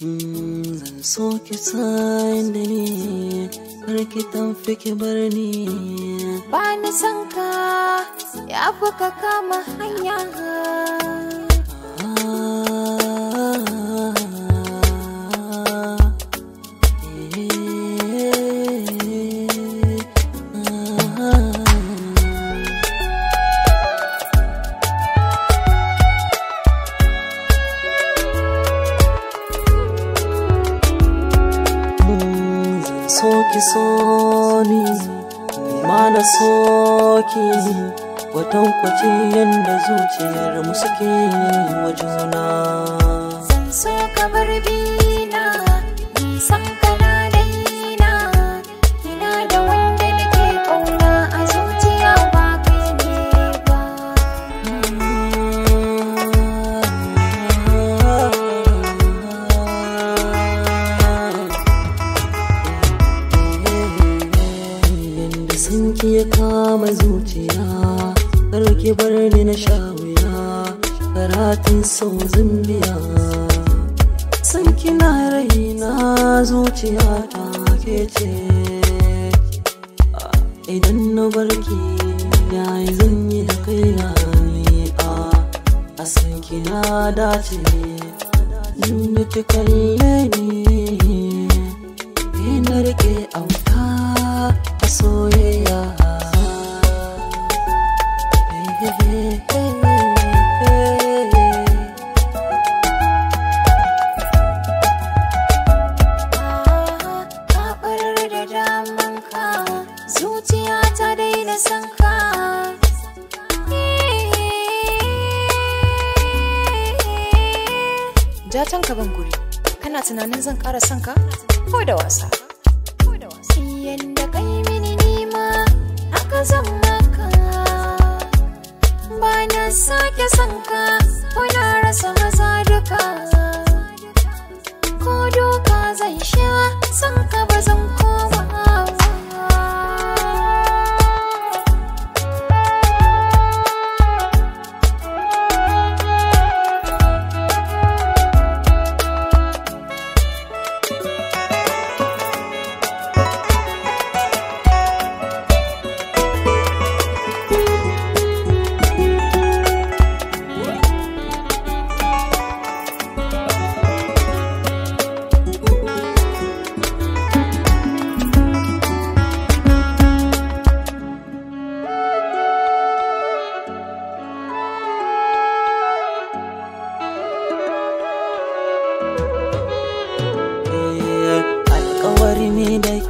zan so ki san da ni ki tamfi ki bar ni ba ni san ka ya fi ka kama hanya so ki so ni ma na so watan kwace yanda zuciyar mu suke wa juna san so ka bar bina san ka ki ya kama zuciya kar ki bar ni na sha wuya karatun sau zumbiya san kina na zuciya ta ke ce idan na barki yi zan yi da na ne a san kina dace duniya ta kalle ni na rike auta a soyayya Zuciya ta daina sanka Jatan ka ban guri, kana tunanin zan ƙara sanka ko da wasa? haka maka sake son ka rasa maza duka ko doka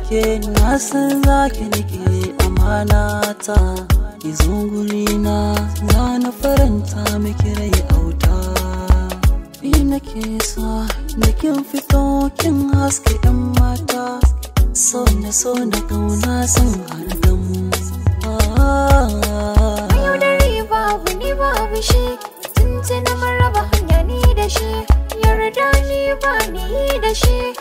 ke na san zaki nake nike amana ta ki na za na faranta miki rai auta ni nake sa nake fito kin haske yan mata so na so na kauna sun har da ah. babu ni babu shi na maraba hanya ni da shi yarda ni ba ni da shi